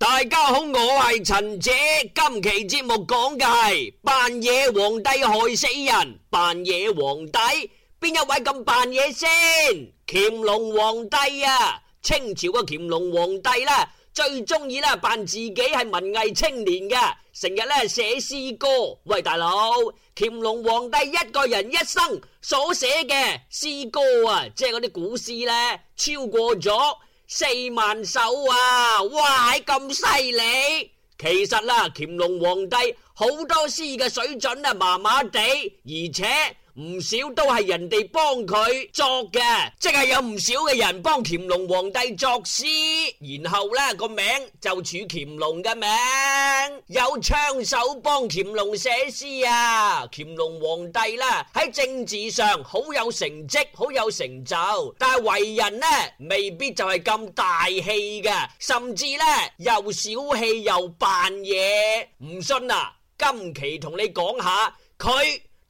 大家好，我係陳姐。今期節目講嘅係扮嘢皇帝害死人，扮嘢皇帝邊一位咁扮嘢先？乾隆皇帝啊，清朝嘅乾隆皇帝呢，最中意啦，扮自己係文藝青年嘅，成日呢寫詩歌。喂，大佬，乾隆皇帝一個人一生所寫嘅詩歌啊，即係嗰啲古詩呢，超過咗。四萬首啊！哇，咁犀利！其實啦、啊，乾隆皇帝好多詩嘅水準啊，麻麻哋，而且。唔少都係人哋幫佢作嘅，即係有唔少嘅人幫乾隆皇帝作詩，然後呢個名就署乾隆嘅名。有槍手幫乾隆寫詩啊！乾隆皇帝啦，喺政治上好有成績，好有成就，但係為人呢，未必就係咁大氣嘅，甚至呢又小氣又扮嘢。唔信啊，今期同你講下佢，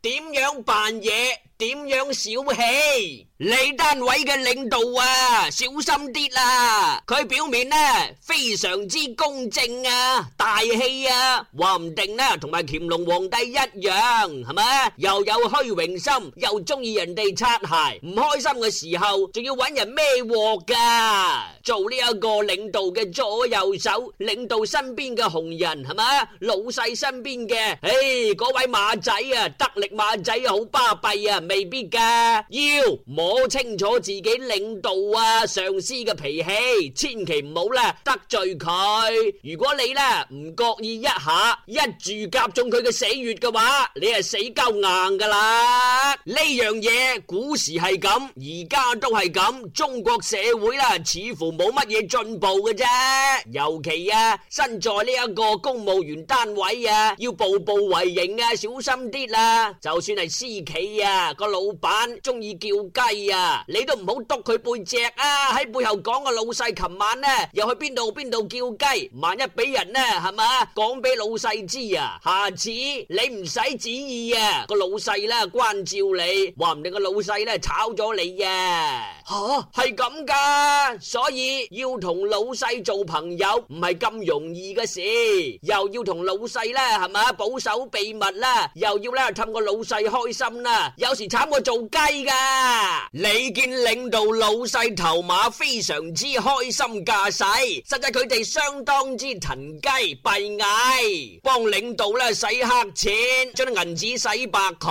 點樣扮嘢？點樣小氣。你單位嘅領導啊，小心啲啦！佢表面呢非常之公正啊，大氣啊，話唔定呢同埋乾隆皇帝一樣係咪？又有虛榮心，又中意人哋擦鞋，唔開心嘅時候仲要搵人孭鑊噶！做呢一個領導嘅左右手，領導身邊嘅紅人係咪？老細身邊嘅，誒嗰位馬仔啊，得力馬仔啊，好巴閉啊，未必噶要冇。我清楚自己領導啊上司嘅脾氣，千祈唔好咧得罪佢。如果你咧唔覺意一下一住夾中佢嘅死穴嘅話，你係死鳩硬噶啦。呢樣嘢古時係咁，而家都係咁。中國社會啦，似乎冇乜嘢進步嘅啫。尤其啊，身在呢一個公務員單位啊，要步步為營啊，小心啲啦。就算係私企啊，個老闆中意叫雞。呀，你都唔好督佢背脊啊！喺背後講個老細，琴晚呢又去邊度邊度叫雞，萬一俾人呢係咪講俾老細知啊？下次你唔使旨意啊，個老細呢，關照你，話唔定個老細呢，炒咗你啊！吓係咁噶，所以要同老細做朋友唔係咁容易嘅事，又要同老細呢，係咪保守秘密啦，啊，又要呢，氹個老細開心啦，啊，有時慘過做雞噶。你見領導老細頭馬非常之開心駕駛，實際佢哋相當之騰雞閉翳，幫領導咧洗黑錢，將啲銀紙洗白佢。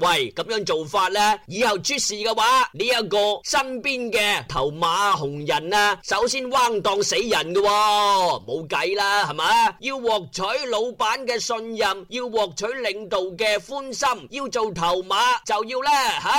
喂，咁樣做法咧，以後出事嘅話，呢、這、一個身邊嘅頭馬紅人啊，首先彎當死人噶、哦，冇計啦，係咪？要獲取老闆嘅信任，要獲取領導嘅歡心，要做頭馬就要咧，唉，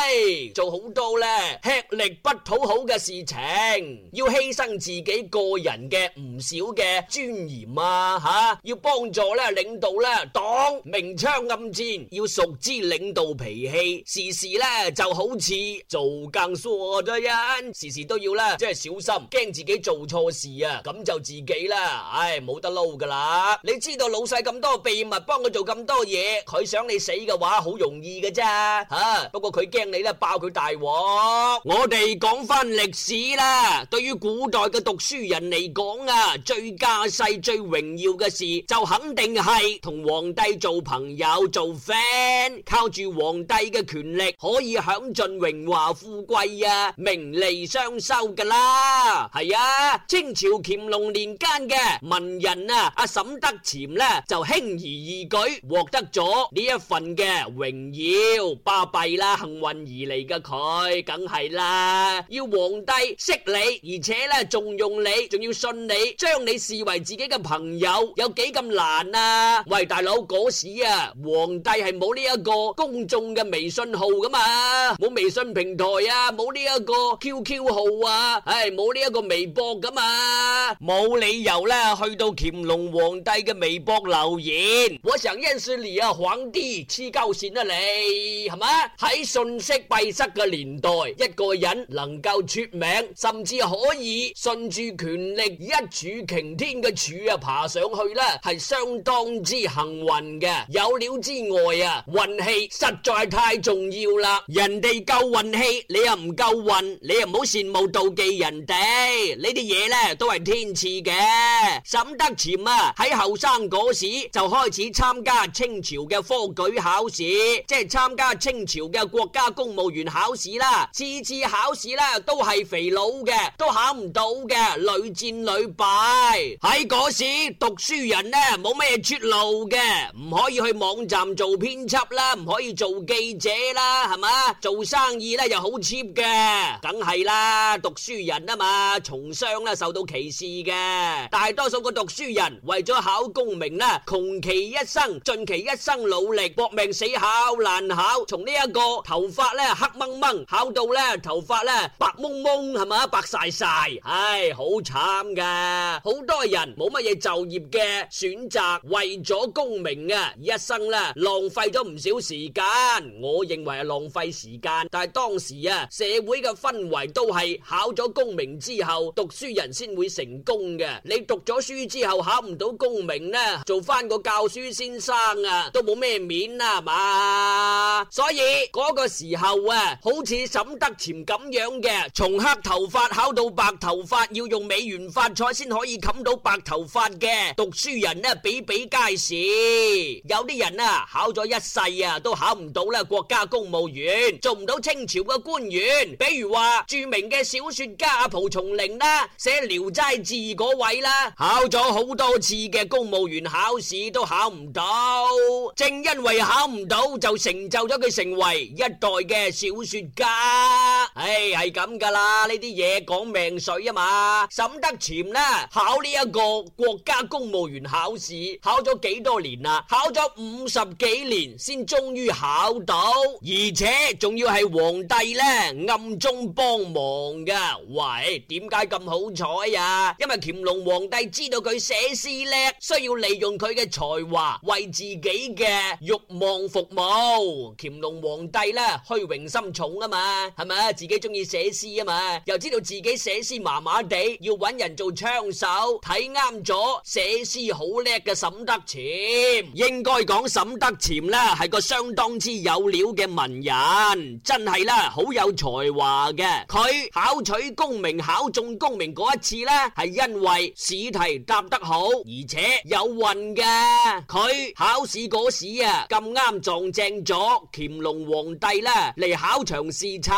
做。好多咧，吃力不討好嘅事情，要犧牲自己個人嘅唔少嘅尊嚴啊！吓，要幫助咧領導咧黨，明槍暗箭，要熟知領導脾氣，時時咧就好似做更錯咗人，時時都要啦即係小心，驚自己做錯事啊！咁就自己啦，唉，冇得撈噶啦！你知道老細咁多秘密，幫佢做咁多嘢，佢想你死嘅話，好容易嘅啫吓？不過佢驚你咧爆佢大。大鑊！我哋講翻歷史啦。對於古代嘅讀書人嚟講啊，最架勢、最榮耀嘅事就肯定係同皇帝做朋友、做 friend，靠住皇帝嘅權力可以享盡榮華富貴啊，名利雙收噶啦。係啊，清朝乾隆年間嘅文人啊，阿沈德潛呢，就輕而易舉獲得咗呢一份嘅榮耀，巴閉啦，幸運而嚟嘅。佢梗係啦，要皇帝識你，而且咧重用你，仲要信你，將你視為自己嘅朋友，有幾咁難啊？喂，大佬嗰時啊，皇帝係冇呢一個公眾嘅微信號噶嘛，冇微信平台啊，冇呢一個 QQ 號啊，唉、哎，冇呢一個微博噶嘛，冇理由咧去到乾隆皇帝嘅微博留言。我想認識你啊，皇帝，黐鳩線啊你，係咪？喺信息閉塞個年代，一個人能夠出名，甚至可以順住權力一柱擎天嘅柱啊，爬上去啦，係相當之幸運嘅。有料之外啊，運氣實在太重要啦。人哋夠運氣，你又唔夠運，你又唔好羨慕妒忌人哋。呢啲嘢咧都係天賜嘅。沈德潛啊，喺後生嗰時就開始參加清朝嘅科舉考試，即係參加清朝嘅國家公務員考試。考試啦，次次考試啦都係肥佬嘅，都考唔到嘅，屢戰屢敗。喺嗰時，讀書人咧冇咩出路嘅，唔可以去網站做編輯啦，唔可以做記者啦，係咪？做生意咧又好 cheap 嘅，梗係啦，讀書人啊嘛，從商咧受到歧視嘅。大多數個讀書人為咗考功名啦，窮其一生，盡其一生努力搏命死考難考，從呢一個頭髮咧黑掹。蒙考到咧，頭髮咧白蒙蒙係咪？白晒晒，唉，好慘噶。好多人冇乜嘢就業嘅選擇，為咗功名啊，一生呢浪費咗唔少時間，我認為係浪費時間。但係當時啊，社會嘅氛圍都係考咗功名之後，讀書人先會成功嘅。你讀咗書之後考唔到功名呢，做翻個教書先生啊，都冇咩面啊嘛。所以嗰個時候啊。好似沈德潛咁樣嘅，從黑頭髮考到白頭髮，要用美元發財先可以冚到白頭髮嘅。讀書人呢，比比皆是，有啲人啊考咗一世啊都考唔到啦，國家公務員做唔到清朝嘅官員，比如話著名嘅小說家蒲松齡啦，寫《聊齋志》嗰位啦，考咗好多次嘅公務員考試都考唔到，正因為考唔到就成就咗佢成為一代嘅小說家，唉，係咁噶啦，呢啲嘢，講命水啊嘛。沈德潛呢，考呢一個國家公務員考試，考咗幾多年啊？考咗五十幾年先終於考到，而且仲要係皇帝呢暗中幫忙噶。喂，點解咁好彩啊？因為乾隆皇帝知道佢寫詩叻，需要利用佢嘅才華為自己嘅欲望服務。乾隆皇帝呢虛榮心重。啊嘛，係咪啊？自己中意寫詩啊嘛，又知道自己寫詩麻麻地，要搵人做槍手。睇啱咗，寫詩好叻嘅沈德潛，應該講沈德潛啦，係個相當之有料嘅文人，真係啦，好有才華嘅。佢考取功名，考中功名嗰一次咧，係因為試題答得好，而且有運嘅。佢考試嗰時啊，咁啱撞正咗乾隆皇帝咧，嚟考。長視察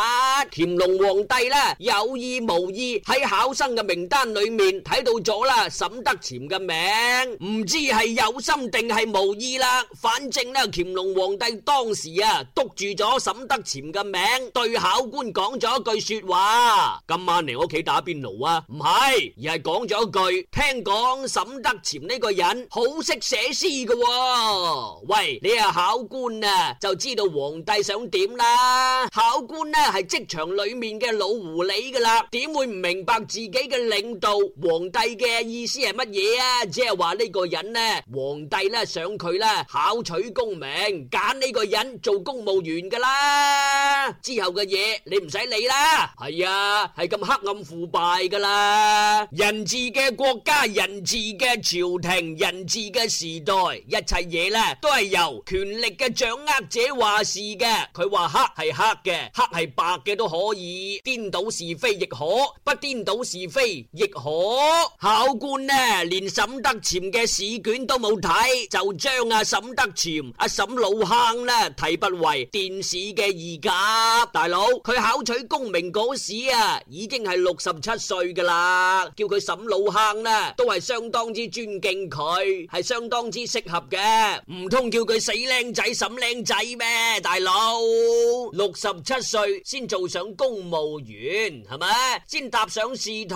乾隆皇帝啦，有意無意喺考生嘅名單裏面睇到咗啦沈德潛嘅名，唔知係有心定係無意啦。反正咧乾隆皇帝當時啊，督住咗沈德潛嘅名，對考官講咗一句說話：今晚嚟我屋企打邊爐啊？唔係，而係講咗一句：聽講沈德潛呢個人好識寫詩嘅。喂，你啊考官啊，就知道皇帝想點啦。考官咧係職場裏面嘅老狐狸噶啦，點會唔明白自己嘅領導皇帝嘅意思係乜嘢啊？即係話呢個人咧，皇帝咧想佢咧考取功名，揀呢個人做公務員噶啦。之後嘅嘢你唔使理啦。係啊，係咁黑暗腐敗噶啦，人治嘅國家，人治嘅朝廷，人治嘅時代，一切嘢咧都係由權力嘅掌握者話事嘅，佢話黑係黑嘅，黑係白嘅都可以，顛倒是非亦可，不顛倒是非亦可。考官呢，連沈德潛嘅試卷都冇睇，就將阿沈德潛阿沈老坑呢提不為殿試嘅二甲。大佬，佢考取功名嗰時啊，已經係六十七歲㗎喇。叫佢沈老坑呢，都係相當之尊敬佢，係相當之適合嘅。唔通叫佢死靚仔沈靚仔咩？大佬，六十。七歲先做上公務員係咪？先踏上仕途，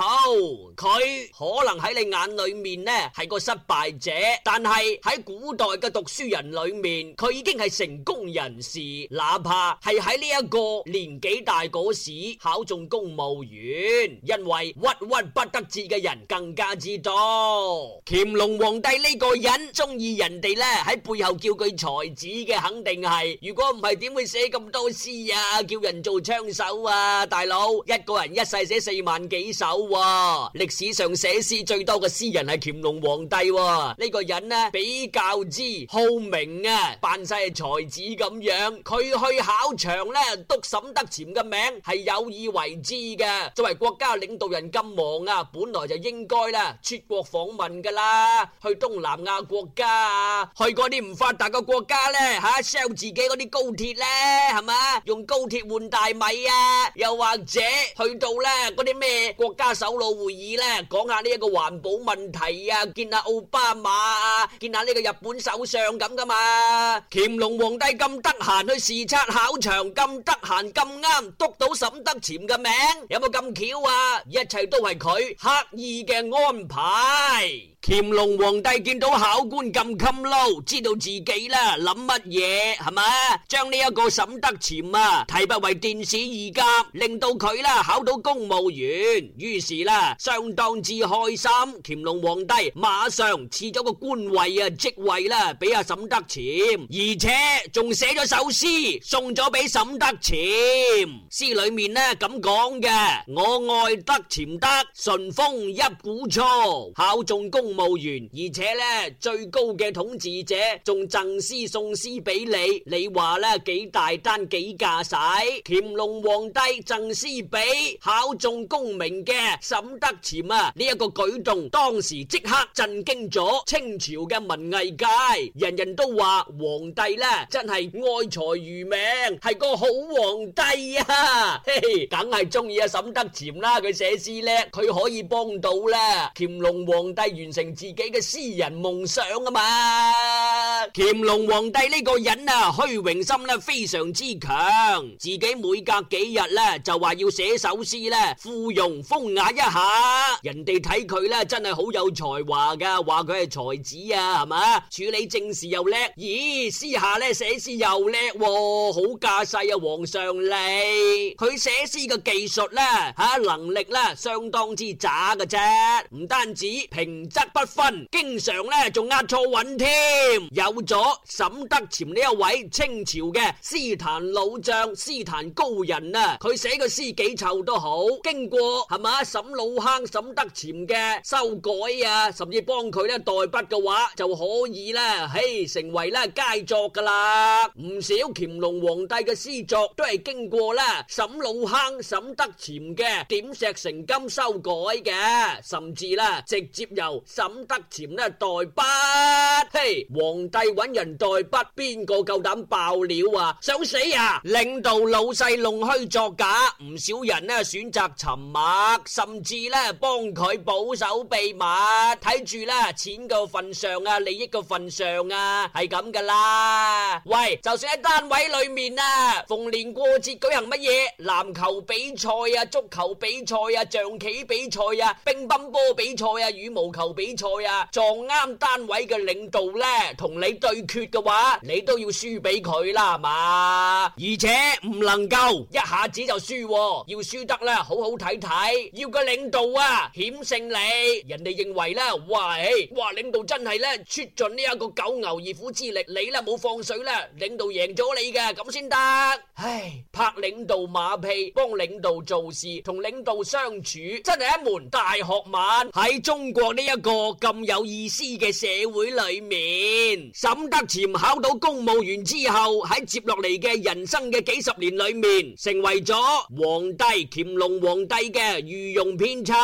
佢可能喺你眼裏面呢係個失敗者，但係喺古代嘅讀書人裏面，佢已經係成功人士。哪怕係喺呢一個年紀大嗰時考中公務員，因為鬱鬱不得志嘅人更加知道。乾隆皇帝呢個人中意人哋呢喺背後叫佢才子嘅，肯定係。如果唔係，點會寫咁多詩啊？叫人做槍手啊！大佬，一個人一世寫四萬幾首喎。歷史上寫詩最多嘅詩人係乾隆皇帝喎。呢個人呢比較之好明啊，扮晒係才子咁樣。佢去考場呢，讀沈德潛嘅名係有意為之嘅。作為國家領導人咁忙啊，本來就應該啦，出國訪問噶啦，去東南亞國家啊，去嗰啲唔發達嘅國家呢，吓 sell 自己嗰啲高鐵呢，係咪，用高。鐵換大米啊，又或者去到呢嗰啲咩國家首腦會議呢？講下呢一個環保問題啊，見下奧巴馬啊，見下呢個日本首相咁噶嘛乾隆皇帝咁得閒去視察考場，咁得閒咁啱，督到沈德潛嘅名，有冇咁巧啊？一切都係佢刻意嘅安排。乾隆皇帝見到考官咁襟撈，知道自己啦諗乜嘢係咪，將呢一個沈德潛啊，提拔為殿試二甲，令到佢啦考到公務員，於是啦相當之開心。乾隆皇帝馬上賜咗個官位啊職位啦俾阿沈德潛，而且仲寫咗首詩送咗俾沈德潛。詩裏面呢咁講嘅：我愛德潛德，順風一股衝，考中公務員，而且呢，最高嘅統治者仲贈詩送詩畀你，你話呢，幾大單，幾架勢？咦，不分，經常咧仲押錯韻添。有咗沈德潛呢一位清朝嘅詩壇老將、詩壇高人啊，佢寫個詩幾臭都好，經過係嘛沈老坑、沈德潛嘅修改啊，甚至幫佢咧代筆嘅話就可以咧，嘿，成為咧佳作噶啦。唔少乾隆皇帝嘅詩作都係經過咧沈老坑、沈德潛嘅點石成金修改嘅，甚至咧直接由。怎得潛呢代筆？嘿，皇帝搵人代筆，邊個夠膽爆料啊？想死啊！領導老細弄虛作假，唔少人呢選擇沉默，甚至呢幫佢保守秘密。睇住啦，錢嘅份上啊，利益嘅份上啊，係咁噶啦。喂，就算喺單位裏面啊，逢年過節舉行乜嘢籃球比賽啊、足球比賽啊、象棋比賽啊、乒乓波比賽啊、羽毛球比，比賽啊，撞啱單位嘅領導呢，同你對決嘅話，你都要輸俾佢啦，係嘛？而且唔能夠一下子就輸，要輸得呢，好好睇睇。要個領導啊，險勝你。人哋認為呢，喂，哇領導真係呢，出盡呢一個九牛二虎之力，你呢冇放水啦，領導贏咗你嘅咁先得。唉，拍領導馬屁，幫領導做事，同領導相處，真係一門大學問喺中國呢一個。個咁有意思嘅社會裏面，沈德潛考到公務員之後，喺接落嚟嘅人生嘅幾十年裏面，成為咗皇帝乾隆皇帝嘅御用編輯，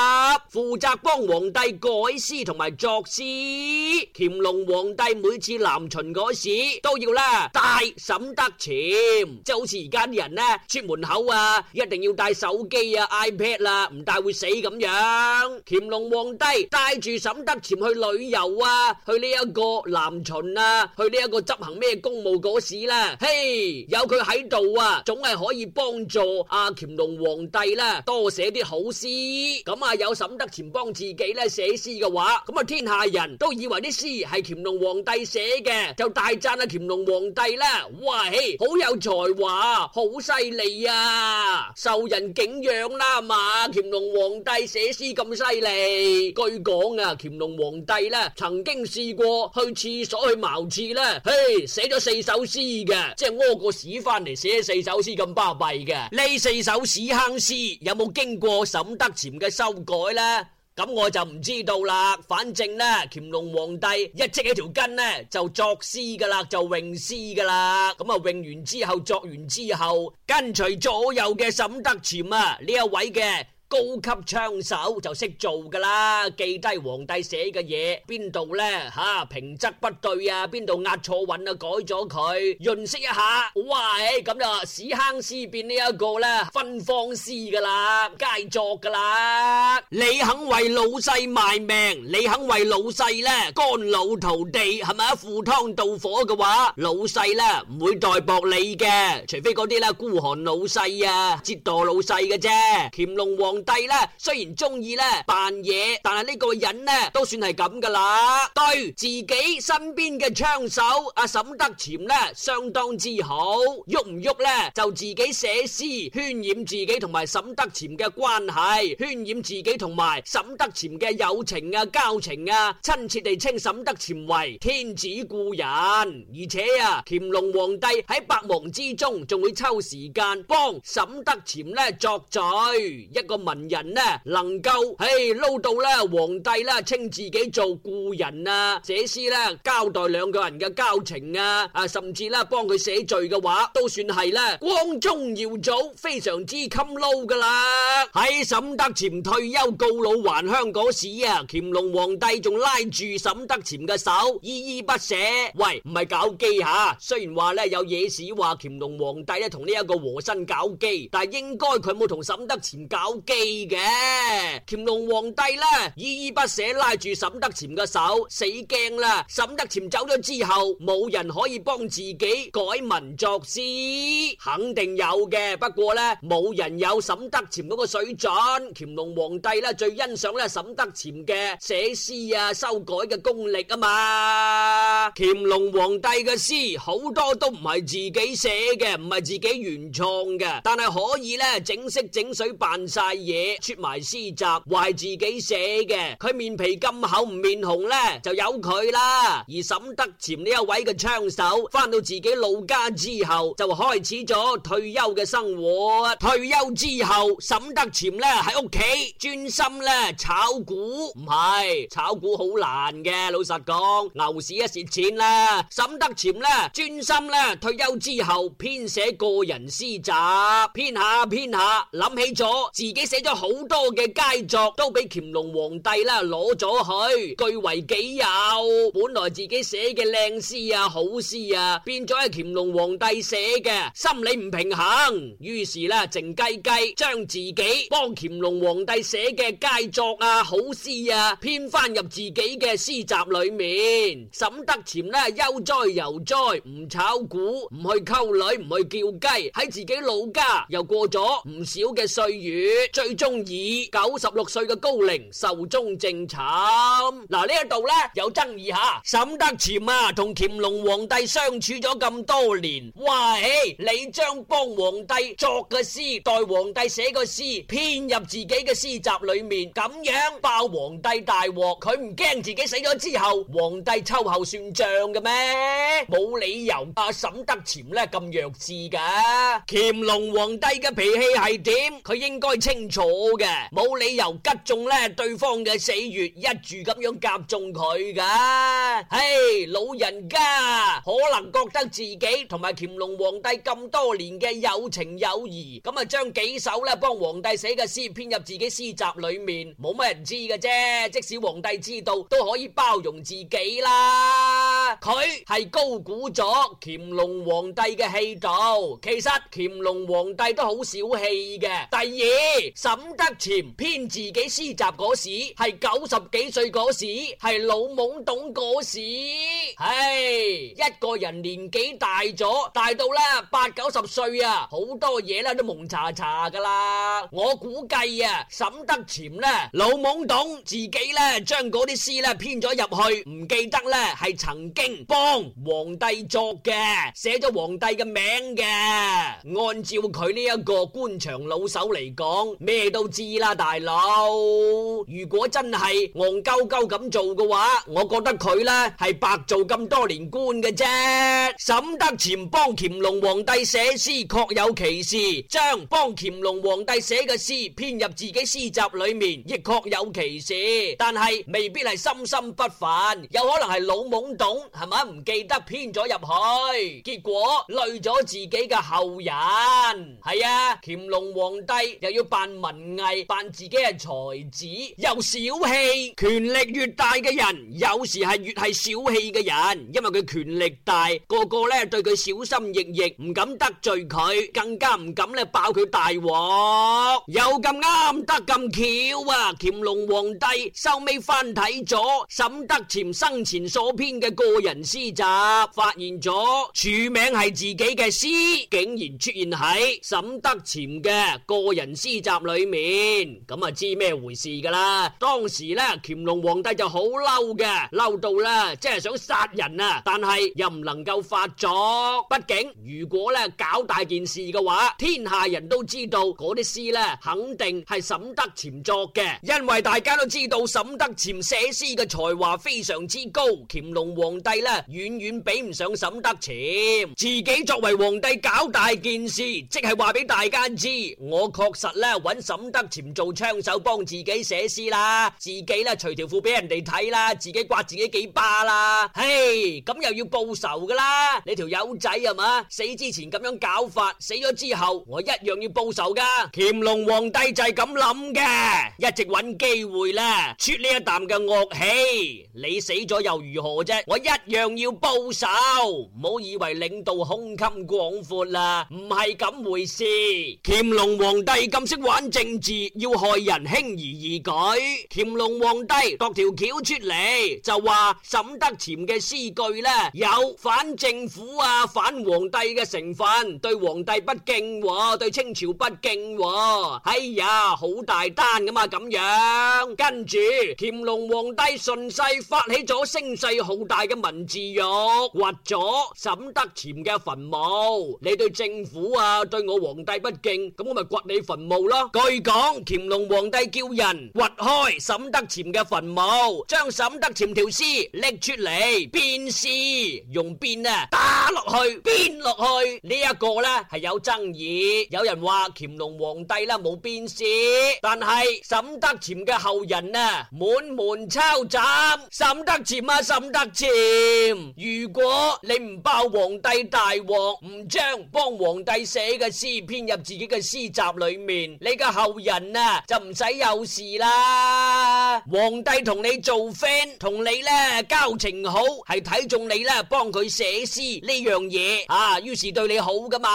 負責幫皇帝改詩同埋作詩。乾隆皇帝每次南巡嗰時都要啦，帶沈德潛，即係好似而家啲人呢出門口啊，一定要帶手機啊 iPad 啦，唔帶會死咁樣。乾隆皇帝帶住沈。得潛去旅遊啊，去呢一個南巡啊，去呢一個執行咩公務嗰時啦，嘿，有佢喺度啊，總係可以幫助阿乾隆皇帝啦，多寫啲好詩。咁啊，有沈德潛幫自己咧寫詩嘅話，咁啊，天下人都以為啲詩係乾隆皇帝寫嘅，就大讚阿乾隆皇帝啦。哇，嘿，好有才華，好犀利啊，受人敬仰啦嘛。乾隆皇帝寫詩咁犀利，據講啊，乾隆皇帝咧，曾經試過去廁所，去茅廁呢，嘿，寫咗四首詩嘅，即係屙個屎翻嚟寫四首詩咁巴閉嘅。呢四首屎坑詩有冇經過沈德潛嘅修改呢？咁我就唔知道啦。反正呢，乾隆皇帝一擠條根呢就作詩噶啦，就詠詩噶啦。咁啊，詠完之後，作完之後，跟隨左右嘅沈德潛啊呢一位嘅。高級槍手就識做噶啦，記低皇帝寫嘅嘢，邊度咧吓平仄不對啊，邊度押錯韻啊，改咗佢，潤色一下，哇唉咁就屎坑詩變呢一個咧芬芳詩噶啦，佳作噶啦，你肯為老細賣命，你肯為老細咧干老塗地係咪啊，赴湯蹈火嘅話，老細咧唔會代薄你嘅，除非嗰啲啦孤寒老細啊，折墮老細嘅啫，乾隆皇。帝咧雖然中意咧扮嘢，但係呢個人咧都算係咁噶啦。對自己身邊嘅槍手阿、啊、沈德潛咧相當之好，喐唔喐咧就自己寫詩，渲染自己同埋沈德潛嘅關係，渲染自己同埋沈德潛嘅友情啊、交情啊，親切地稱沈德潛為天子故人。而且啊，乾隆皇帝喺百忙之中仲會抽時間幫沈德潛咧作序，一個文人呢，能夠嘿撈到啦，皇帝啦，稱自己做故人啊，寫詩啦，交代兩個人嘅交情啊，啊，甚至啦，幫佢寫序嘅話，都算係啦，光宗耀祖，非常之襟撈噶啦。喺沈德潛退休告老還鄉嗰時啊，乾隆皇帝仲拉住沈德潛嘅手，依依不捨。喂，唔係搞基吓，雖然話咧有野史話乾隆皇帝咧同呢一個和珅搞基，但係應該佢冇同沈德潛搞基。記嘅，乾隆皇帝咧依依不捨拉住沈德潛嘅手，死驚啦！沈德潛走咗之後，冇人可以幫自己改文作詩，肯定有嘅。不過咧，冇人有沈德潛嗰個水準。乾隆皇帝咧，最欣賞咧沈德潛嘅寫詩啊，修改嘅功力啊嘛。乾隆皇帝嘅詩好多都唔係自己寫嘅，唔係自己原創嘅，但係可以咧整色整水扮晒嘢出埋詩集，係自己寫嘅。佢面皮咁厚唔面紅呢，就由佢啦。而沈德潛呢一位嘅槍手，翻到自己老家之後，就開始咗退休嘅生活。退休之後，沈德潛呢喺屋企專心咧炒股，唔係炒股好難嘅。老實講，牛市一蝕錢啦。沈德潛呢，專心咧退休之後，編寫個人詩集，編下編下，諗起咗自己。寫咗好多嘅佳作都俾乾隆皇帝啦，攞咗去據為己有。本來自己寫嘅靚詩啊、好詩啊，變咗係乾隆皇帝寫嘅，心理唔平衡。於是咧，靜雞雞將自己幫乾隆皇帝寫嘅佳作啊、好詩啊，編翻入自己嘅詩集裏面。沈德潛呢，悠哉游哉，唔炒股，唔去溝女，唔去叫雞，喺自己老家又過咗唔少嘅歲月。最終以九十六歲嘅高齡壽終正寢。嗱、啊、呢一度呢有爭議吓，沈德潛啊同乾隆皇帝相處咗咁多年，喂，你將幫皇帝作嘅詩代皇帝寫個詩，編入自己嘅詩集裏面，咁樣爆皇帝大鑊，佢唔驚自己死咗之後，皇帝秋後算賬嘅咩？冇理由阿、啊、沈德潛呢咁弱智噶。乾隆皇帝嘅脾氣係點？佢應該清。坐嘅冇理由吉中咧，對方嘅死穴一住咁樣夾中佢㗎。唉，老人家可能覺得自己同埋乾隆皇帝咁多年嘅友情友誼，咁啊將幾首咧幫皇帝寫嘅詩編入自己詩集裏面，冇乜人知嘅啫。即使皇帝知道，都可以包容自己啦。佢係高估咗乾隆皇帝嘅氣度，其實乾隆皇帝都好小氣嘅。第二。沈德潛編自己詩集嗰時係九十幾歲嗰時，係老懵懂嗰時。唉，一個人年紀大咗，大到咧八九十歲啊，好多嘢咧都蒙查查噶啦。我估計啊，沈德潛咧老懵懂，自己咧將嗰啲詩咧編咗入去，唔記得咧係曾經幫皇帝作嘅，寫咗皇帝嘅名嘅。按照佢呢一個官場老手嚟講。咩都知啦，大佬。如果真係憨鳩鳩咁做嘅話，我覺得佢咧係白做咁多年官嘅啫。沈德潛幫乾隆皇帝寫詩，確有其事；將幫乾隆皇帝寫嘅詩編入自己詩集裏面，亦確有其事。但係未必係心心不忿，有可能係老懵懂，係咪唔記得編咗入去，結果累咗自己嘅後人。係啊，乾隆皇帝又要扮。文藝扮自己係才子，又小氣。權力越大嘅人，有時係越係小氣嘅人，因為佢權力大，個個咧對佢小心翼翼，唔敢得罪佢，更加唔敢咧爆佢大鑊。又咁啱得咁巧啊！乾隆皇帝收尾翻睇咗沈德潛生前所編嘅個人詩集，發現咗署名係自己嘅詩，竟然出現喺沈德潛嘅個人詩集裏裏面咁啊，知咩回事噶啦？當時咧，乾隆皇帝就好嬲嘅，嬲到啦，即係想殺人啊！但係又唔能夠發作，畢竟如果咧搞大件事嘅話，天下人都知道嗰啲詩咧肯定係沈德潛作嘅，因為大家都知道沈德潛寫詩嘅才華非常之高，乾隆皇帝咧遠遠比唔上沈德潛，自己作為皇帝搞大件事，即係話俾大家知，我確實咧揾沈德潛做槍手幫自己寫詩啦，自己啦除條褲俾人哋睇啦，自己刮自己幾巴啦，嘿，咁又要報仇噶啦！你條友仔係嘛？死之前咁樣搞法，死咗之後我一樣要報仇噶！乾隆皇帝就係咁諗嘅，一直揾機會啦，出呢一啖嘅惡氣。你死咗又如何啫？我一樣要報仇，唔好以為領導胸襟廣闊啦，唔係咁回事。乾隆皇帝咁識揾。政治要害人，輕而易舉。乾隆皇帝度條橋出嚟就話沈德潛嘅詩句呢，有反政府啊、反皇帝嘅成分，對皇帝不敬喎，對清朝不敬喎，哎呀好大單㗎嘛咁樣。跟住乾隆皇帝順勢發起咗聲勢浩大嘅文字獄，掘咗沈德潛嘅墳墓。你對政府啊，對我皇帝不敬，咁我咪掘你墳墓咯。據講，乾隆皇帝叫人掘開沈德潛嘅墳墓，將沈德潛條屍拎出嚟鞭屍，用鞭啊打落去鞭落去呢一、這個呢係有爭議，有人話乾隆皇帝呢冇鞭屍，但係沈德潛嘅後人啊，滿門抄斬。沈德潛啊，沈德潛，如果你唔包皇帝大王，唔將幫皇帝寫嘅詩編入自己嘅詩集裏面，你。嘅後人啊，就唔使有事啦。皇帝同你做 friend，同你咧交情好，係睇中你咧，幫佢寫詩呢樣嘢啊，於是對你好噶嘛，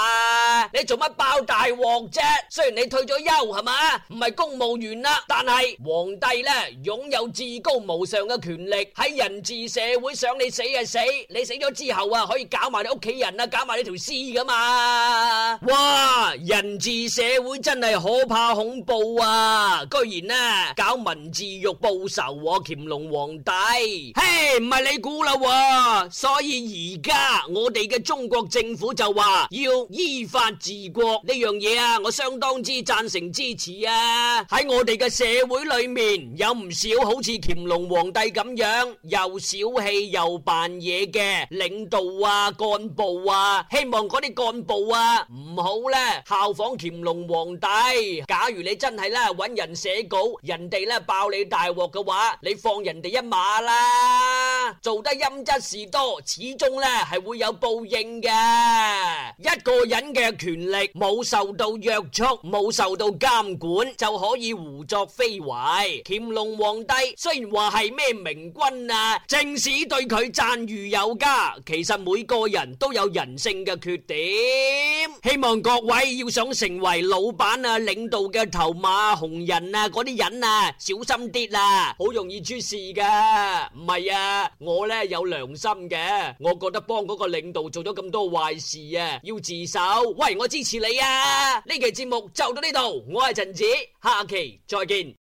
你做乜爆大鑊啫？雖然你退咗休係嘛，唔係公務員啦，但係皇帝咧擁有至高無上嘅權力，喺人治社會想你死就死，你死咗之後啊，可以搞埋你屋企人啊，搞埋你條屍噶嘛。哇！人治社會真係可怕。怕、啊、恐怖啊！居然呢、啊、搞文字獄報仇喎、啊，乾隆皇帝。嘿，唔係你估啦，所以而家我哋嘅中國政府就話要依法治國呢樣嘢啊，我相當之讚成支持啊！喺我哋嘅社會裏面，有唔少好似乾隆皇帝咁樣又小氣又扮嘢嘅領導啊、幹部啊，希望嗰啲幹部啊唔好呢效仿乾隆皇帝。假如你真係呢，搵人寫稿，人哋呢，爆你大鑊嘅話，你放人哋一馬啦！做得陰騭事多，始終呢，係會有報應嘅！一個人嘅權力，冇受到約束，冇受到監管，就可以胡作非為！乾隆皇帝，雖然話係咩明君呀！正史對佢讚譽有加，其實每個人都有人性嘅缺點！希望各位要想成為老闆呀，領導做嘅頭馬紅人啊，嗰啲人啊，小心啲啦，好容易出事噶。唔係啊，我呢有良心嘅，我覺得幫嗰個領導做咗咁多壞事啊，要自首。喂，我支持你啊！呢期節目就到呢度，我係陳子，下期再見。